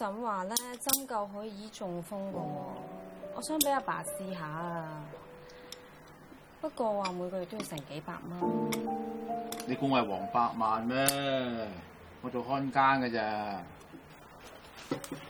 咁話咧針灸可以，以中風噶，哦、我想俾阿爸試下啊。不過話每個月都要成幾百蚊。你估我係黃百萬咩？我做看更嘅咋？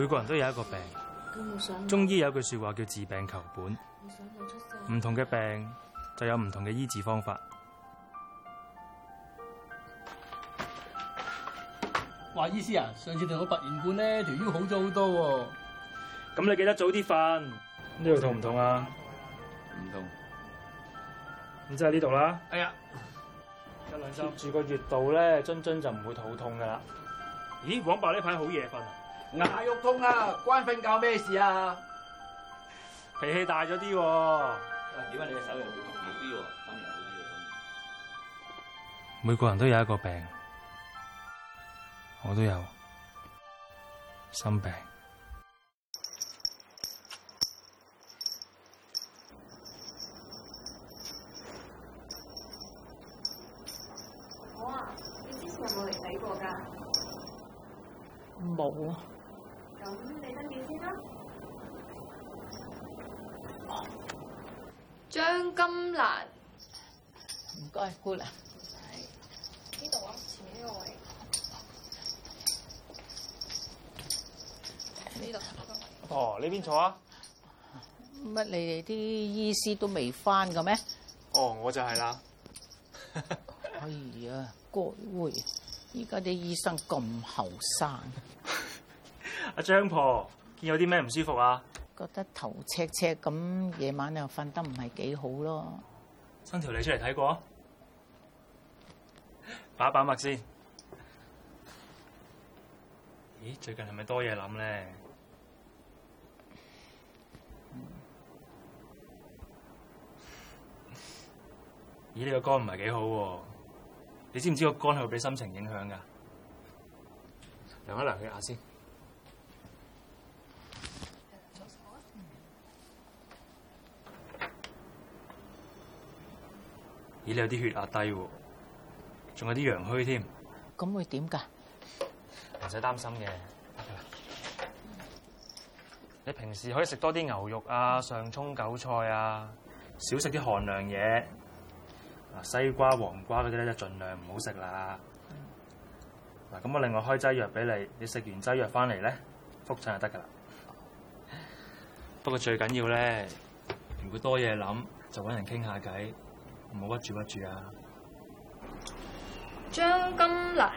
每個人都有一個病，中醫有句説話叫治病求本，唔同嘅病就有唔同嘅醫治方法。話醫師啊，上次同我拔完罐咧，條腰好咗好多喎。哦。咁你記得早啲瞓。呢度痛唔痛啊？唔痛。咁即係呢度啦。哎呀，一貼天住個穴度咧，真真就唔會肚痛噶啦。咦，廣伯呢排好夜瞓啊？牙肉痛啦、啊，關瞓覺咩事啊？脾氣大咗啲、啊，點解、啊、你嘅手又變紅啲？手又紅啲。每個人都有一個病，我都有，心病。張金蘭，唔該，姑娘。唔使，呢度啊，前面呢個位。呢度。哦，呢邊坐啊。乜你哋啲醫師都未翻嘅咩？哦，我就係啦。係 啊、哎，開會。依家啲醫生咁後生。阿張 婆，見有啲咩唔舒服啊？覺得頭赤赤，咁夜晚又瞓得唔係幾好咯。伸條脷出嚟睇過，把一把脈先。咦，最近係咪多嘢諗咧？嗯、咦，呢、這個肝唔係幾好，啊？你知唔知個肝係會俾心情影響噶？量一量血下先。你有啲血壓低，仲有啲陽虛添，咁會點噶？唔使擔心嘅，嗯、你平時可以食多啲牛肉啊、上蔥韭菜啊，少食啲寒涼嘢，啊西瓜、黃瓜嗰啲咧就盡量唔好食啦。嗱、嗯，咁我另外開劑藥俾你，你食完劑藥翻嚟咧，複診就得噶啦。嗯、不過最緊要咧，如果多嘢諗，就搵人傾下偈。唔好屈住，屈住啊！張金蘭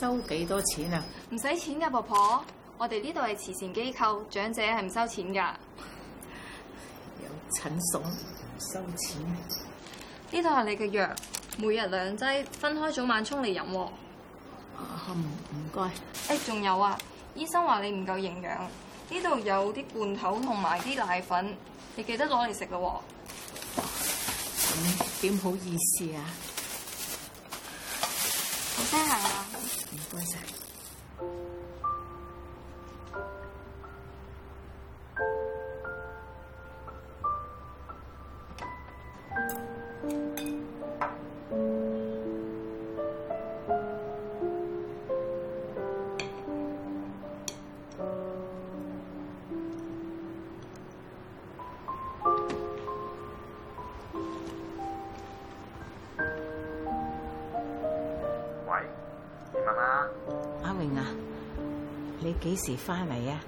收幾多錢啊？唔使錢㗎婆婆，我哋呢度係慈善機構，長者係唔收錢噶。有診所唔收錢？呢度係你嘅藥，每日兩劑，分開早晚沖嚟飲。唔該、啊。誒，仲、欸、有啊！醫生話你唔夠營養，呢度有啲罐頭同埋啲奶粉，你記得攞嚟食咯喎。咁、嗯，點好意思啊。好得閒啊。唔該晒。媽媽，啊、阿榮啊，你幾時翻嚟啊？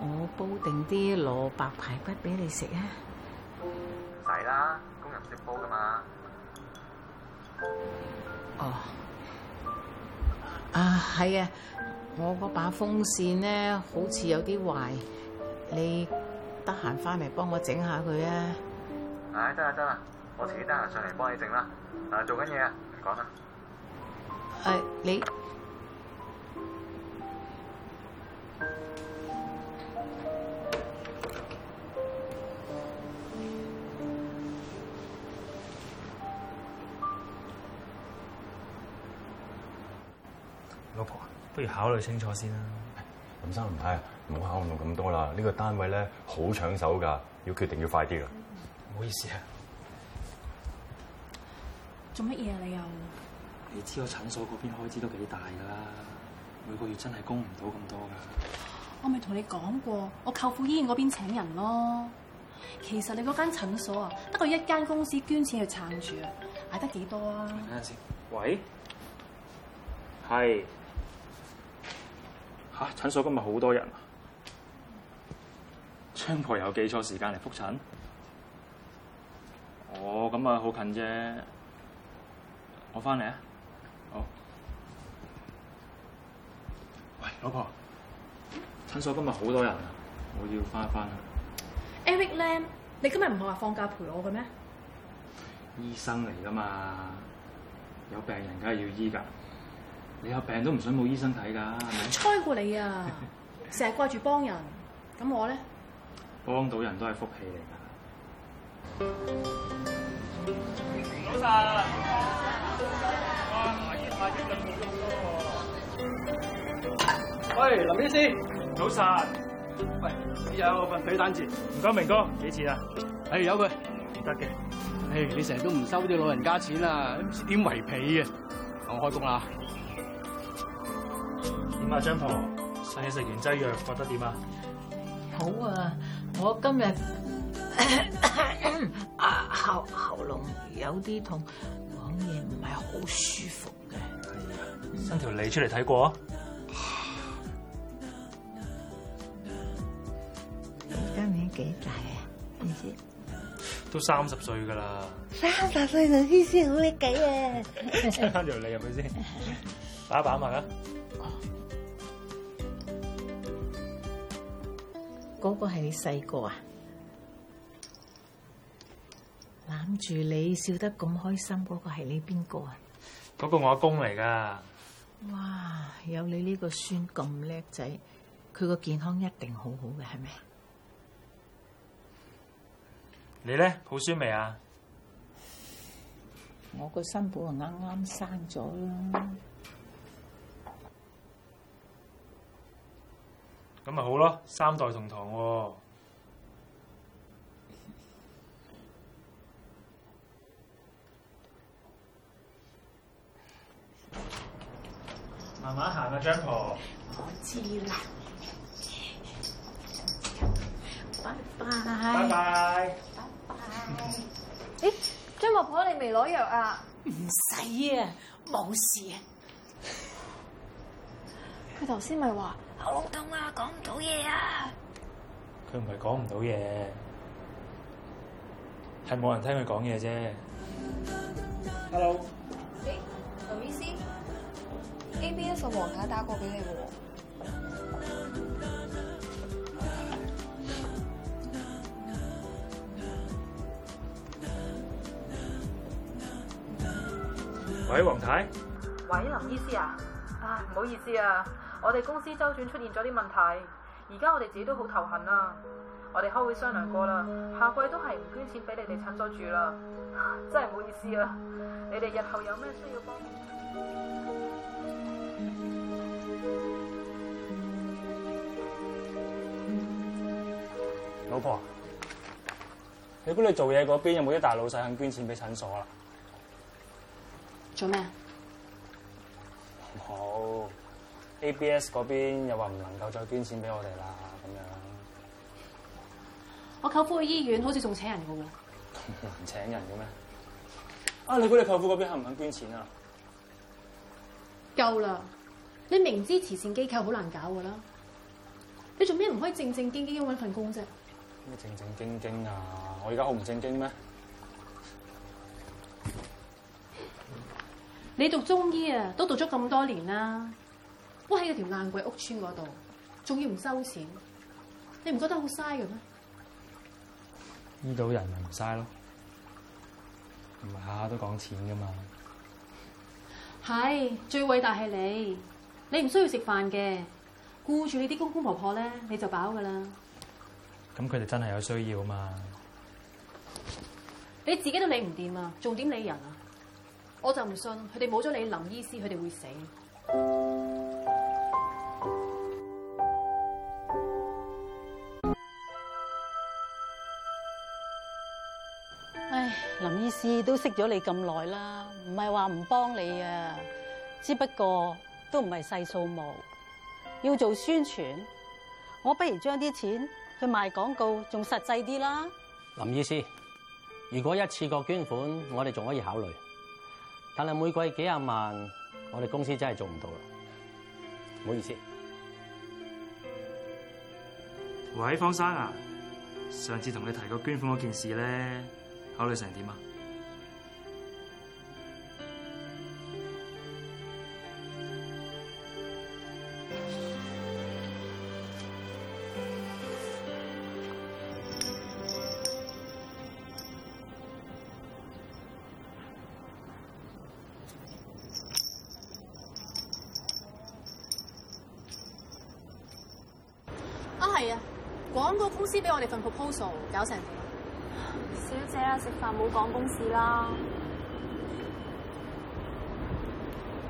我煲定啲蘿蔔排骨俾你食啊！唔使啦，工人唔識煲噶嘛。哦，啊係啊，我嗰把風扇咧好似有啲壞，你得閒翻嚟幫我整下佢啊！唉、哎，得啊，得啊，我自己得閒上嚟幫你整啦。嗱，做緊嘢啊，唔講啦。係你。老婆，不如考慮清楚先啦。林生，唔係啊，唔好考慮咁多啦。呢個單位咧好搶手㗎，要決定要快啲㗎。唔好意思啊。做乜嘢啊？你又？你知我診所嗰邊開支都幾大㗎啦，每個月真係供唔到咁多㗎。我咪同你講過，我舅父醫院嗰邊請人咯。其實你嗰間診所啊，得過一間公司捐錢去撐住啊，捱得幾多啊？等下先。喂。係。嚇、啊！診所今日好多人，啊，張婆有記錯時間嚟復診。哦，咁啊，好近啫，我翻嚟啊。好。喂，老婆，嗯、診所今日好多人，啊，我要翻一翻啦，啊。Eric Lam 咧，你今日唔係話放假陪我嘅咩？醫生嚟㗎嘛，有病人梗係要醫㗎。你有病都唔想冇醫生睇㗎，係咪？吹過你啊，成日掛住幫人，咁我咧？幫到人都係福氣嚟㗎。早晨，喂，林醫師，早晨。喂，今有份對單字唔該明哥幾次啊？哎，有佢唔得嘅。哎，你成日都唔收啲老人家錢啊，唔知點為皮？嘅。我開工啦。阿張婆，上次食完劑藥，覺得點啊？好啊，我今日 、啊、喉喉嚨有啲痛，講嘢唔係好舒服嘅。伸條脷出嚟睇過、啊。 今年幾大啊？唔知都三十歲噶啦。三十歲就先好叻幾啊？伸翻條脷入去先？打一打脈啦。嗰個係你細個啊，攬住你笑得咁開心，嗰個係你邊個啊？嗰個我阿公嚟噶。哇，有你呢個孫咁叻仔，佢個健康一定好好嘅，係咪？你咧，好孫未啊？我個新抱啊，啱啱生咗啦。咁咪好咯，三代同堂喎。哦。慢慢行啊，張婆。我知啦，拜拜。拜拜。拜拜。誒，張婆婆，你未攞藥啊？唔使啊，冇事，啊。佢頭先咪話。好痛啊！講唔到嘢啊！佢唔係講唔到嘢，係冇人聽佢講嘢啫。Hello，誒、欸，林醫師，ABS 王太打過俾你喎。喂，王太。喂，林醫師啊，啊，唔好意思啊。我哋公司周轉出現咗啲問題，而家我哋自己都好頭痕啦、啊。我哋開會商量過啦，下季都係唔捐錢俾你哋診所住啦，真係唔好意思啊。你哋日後有咩需要幫？老婆，你估你做嘢嗰邊有冇啲大老細肯捐錢俾診所啊？做咩？好。A B S 嗰邊又話唔能夠再捐錢俾我哋啦，咁樣。我舅父去醫院，好似仲請人嘅喎。唔 請人嘅咩？啊，你估你舅父嗰邊肯唔肯捐錢啊？夠啦！你明知慈善機構好難搞噶啦，你做咩唔可以正正經經揾份工啫？咩正正經經啊？我而家好唔正經咩？你讀中醫啊，都讀咗咁多年啦。窩喺嗰條爛鬼屋村嗰度，仲要唔收錢，你唔覺得好嘥嘅咩？呢度人咪唔嘥咯，唔係下下都講錢噶嘛。係最偉大係你，你唔需要食飯嘅，顧住你啲公公婆婆咧，你就飽噶啦。咁佢哋真係有需要啊嘛，你自己都理唔掂啊，仲點理人啊？我就唔信佢哋冇咗你林醫師，佢哋會死。事都識咗你咁耐啦，唔係話唔幫你啊，只不過都唔係細數目，要做宣傳，我不如將啲錢去賣廣告，仲實際啲啦。林醫師，如果一次過捐款，我哋仲可以考慮，但係每季幾廿萬，我哋公司真係做唔到啦，唔好意思。喂，方生啊，上次同你提過捐款嗰件事咧，考慮成點啊？係啊，廣告公司俾我哋份 proposal，搞成點啊？小姐啊，食飯冇講公事啦。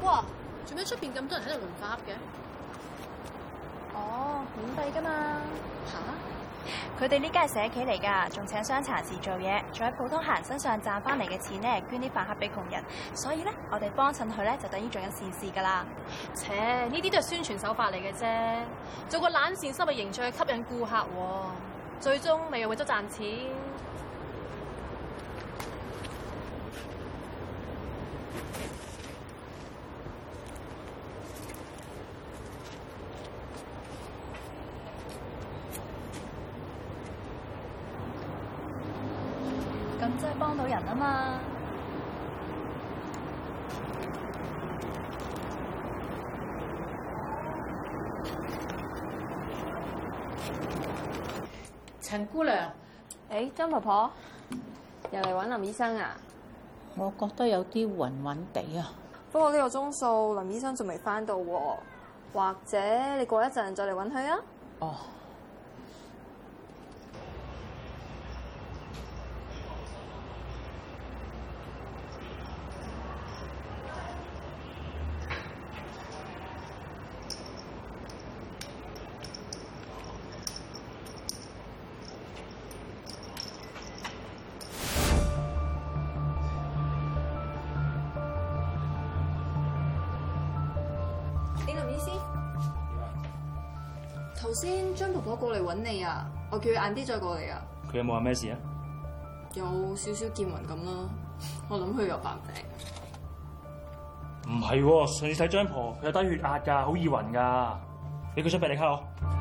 哇，做咩出邊咁多人喺度輪發嘅？哦，免費噶嘛。嚇！佢哋呢家係社企嚟㗎，仲請傷殘人士做嘢，仲喺普通客人身上賺翻嚟嘅錢呢，捐啲飯盒俾窮人，所以咧我哋幫襯佢咧就等於做緊善事㗎啦。切，呢啲都係宣傳手法嚟嘅啫，做個懶善心嘅形象去吸引顧客，最終咪又為咗賺錢。幫到人啊嘛！陳姑娘，誒、欸，張婆婆，嗯、又嚟搵林醫生啊？我覺得有啲暈暈地啊。不過呢個鐘數，林醫生仲未返到，啊，或者你過一陣再嚟搵佢啊。哦。頭先張婆婆過嚟搵你啊，我叫佢晏啲再過嚟啊。佢有冇話咩事啊？有少少見暈咁啦，我諗佢有病。唔係， 上次睇張婆婆，佢有低血壓噶，好易暈噶。俾佢張貝你卡我。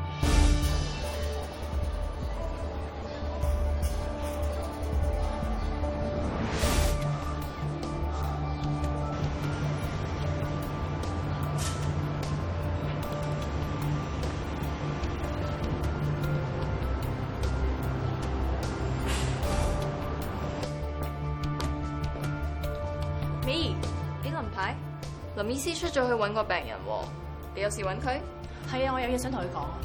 林醫師出咗去揾個病人喎，你有事揾佢？係啊，我有嘢想同佢講啊。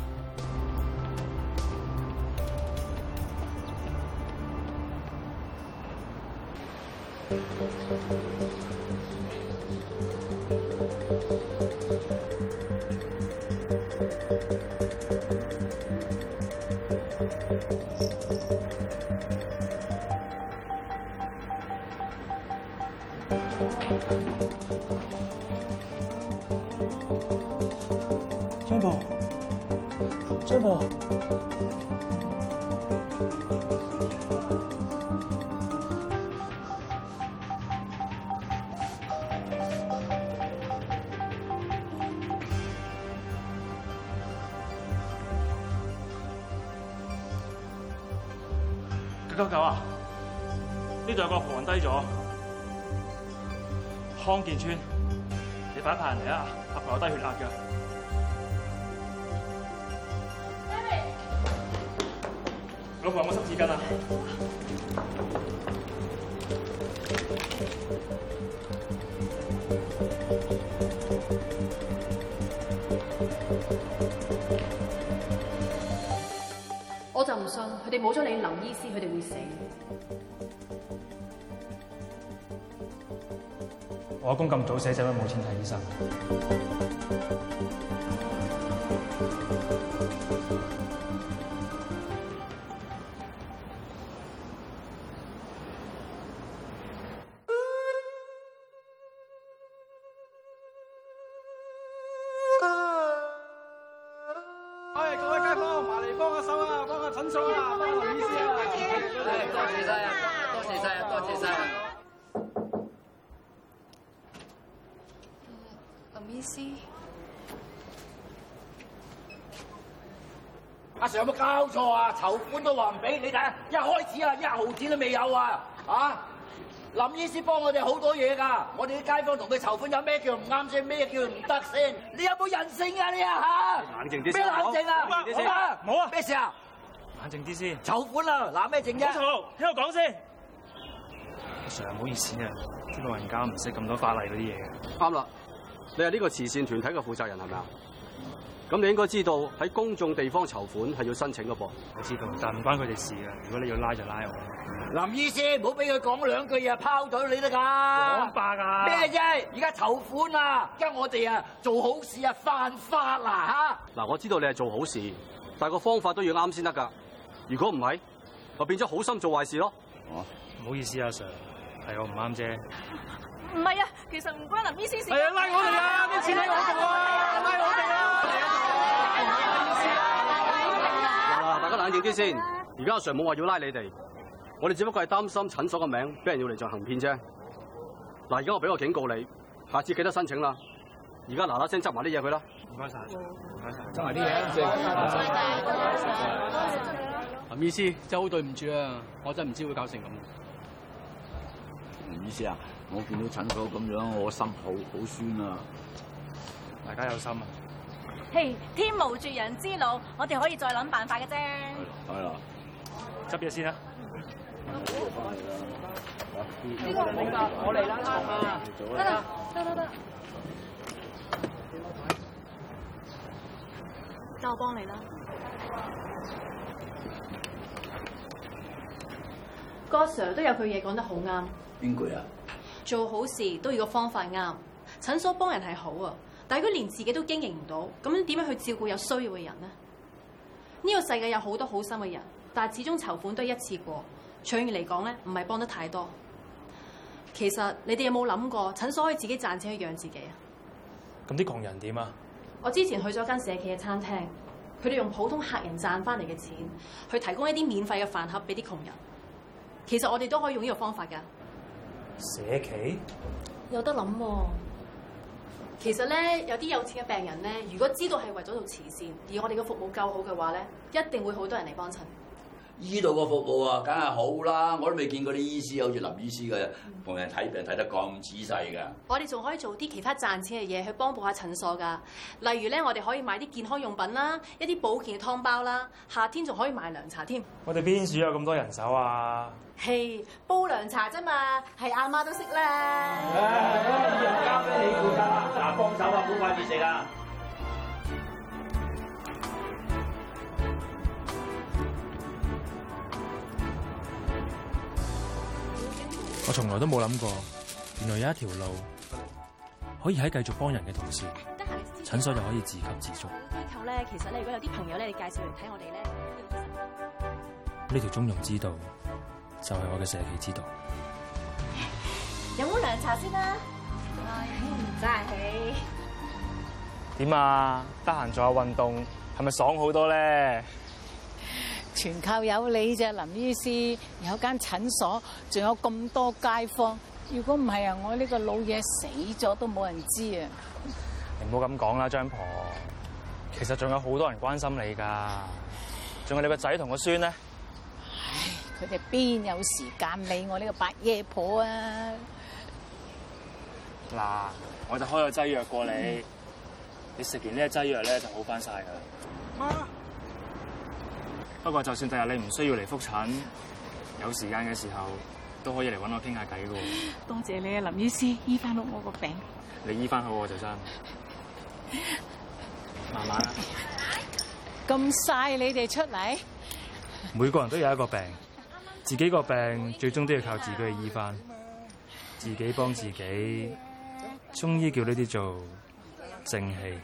九九九啊！呢度有個旁低咗，康健村，你快派人嚟啊！阿婆有低血壓嘅。老婆，有冇濕紙巾啊？我就唔信佢哋冇咗你劉醫師，佢哋會死。我阿公咁早死，點解冇錢睇醫生？有冇交錯啊？籌款都話唔俾你睇，一開始啊，一毫子都未有啊！啊，林醫師幫我哋好多嘢㗎，我哋啲街坊同佢籌款有咩叫唔啱先，咩叫唔得先？你有冇人性啊你啊嚇！冷靜啲先，咩冷靜啊？冇啊！咩事啊？冷靜啲先。籌款啊，嗱，咩靜啫？聽我講先，阿 Sir，唔好意思啊，啲老人家唔識咁多法例嗰啲嘢。啱啦，你係呢個慈善團體嘅負責人係咪啊？咁你應該知道喺公眾地方籌款係要申請嘅噃。我知道，但唔關佢哋事嘅。如果你要拉就拉我。林醫師，唔好俾佢講兩句就拋走你得㗎。講白啊，咩啫？而家籌款啊，跟我哋啊做好事啊犯法嗱嚇。嗱，我知道你係做好事，但個方法都要啱先得㗎。如果唔係，就變咗好心做壞事咯。哦，唔好意思阿、啊、Sir，係我唔啱啫。唔係啊，其實唔關林醫師事。係啊、哎，拉我哋啊，啲麼錢俾我哋喎，拉我哋。啲先，而家阿 Sir 冇話要拉你哋，我哋只不過係擔心診所個名俾人要嚟做行騙啫。嗱，而家我俾個警告你，下次記得申請啦。而家嗱嗱聲執埋啲嘢佢啦。唔該晒，唔該晒，執埋啲嘢。唔該晒，唔該晒。阿 Miss，真係好對唔住啊，我真係唔知會搞成咁。阿 Miss 啊，我見到診所咁樣，我心好好酸啊。大家有心啊。嘿，天無絕人之路，我哋可以再諗辦法嘅啫。係啦，執藥先啦。呢個唔明白，我嚟啦，得啦，得得得，交我幫你啦。哥 Sir 都有句嘢講得好啱。邊句啊？做好事都要個方法啱，診所幫人係好啊。但佢連自己都經營唔到，咁點樣去照顧有需要嘅人呢？呢、這個世界有好多好心嘅人，但係始終籌款都係一次過，長遠嚟講咧唔係幫得太多。其實你哋有冇諗過，診所可以自己賺錢去養自己啊？咁啲窮人點啊？我之前去咗間社企嘅餐廳，佢哋用普通客人賺翻嚟嘅錢，去提供一啲免費嘅飯盒俾啲窮人。其實我哋都可以用呢個方法噶。社企有得諗啊！其實咧，有啲有錢嘅病人咧，如果知道係為咗做慈善，而我哋嘅服務夠好嘅話咧，一定會好多人嚟幫襯。依度嘅服務啊，梗係好啦，我都未見過啲醫師好似林醫師咁，同人睇病睇得咁仔細㗎。我哋仲可以做啲其他賺錢嘅嘢去幫補下診所㗎。例如咧，我哋可以賣啲健康用品啦，一啲保健嘅湯包啦，夏天仲可以賣涼茶添。我哋邊處有咁多人手啊？嘿，煲涼茶啫嘛，係阿媽，媽都識啦。 好快食，我從來都冇諗過，原來有一條路可以喺繼續幫人嘅同時，診所又可以自給自足。機構咧，其實咧，如果有啲朋友咧，你介紹嚟睇我哋咧，呢條中庸之道就係我嘅社企之道。飲碗涼茶先啦。真係喜，點 啊樂？得閒做下運動，係咪爽好多咧？全靠有你啫，林醫師，有間診所，仲有咁多街坊。如果唔係啊，我呢個老嘢死咗都冇人知啊！你唔好咁講啦，張婆。其實仲有好多人關心你㗎，仲有你個仔同個孫咧。唉，佢哋邊有時間理我呢個伯爺婆啊？嗱，我就開劑藥、嗯、個劑藥過你，你食完呢個劑藥咧就好翻晒噶啦。哇不過就算第日你唔需要嚟覆診，有時間嘅時候都可以嚟揾我傾下偈噶。多謝你啊，林醫師，醫翻到我個病。你醫翻好我就生，慢慢、啊。咁晒你哋出嚟？每個人都有一個病，自己個病最終都要靠自己去醫翻，自己幫自己。中醫叫呢啲做正氣。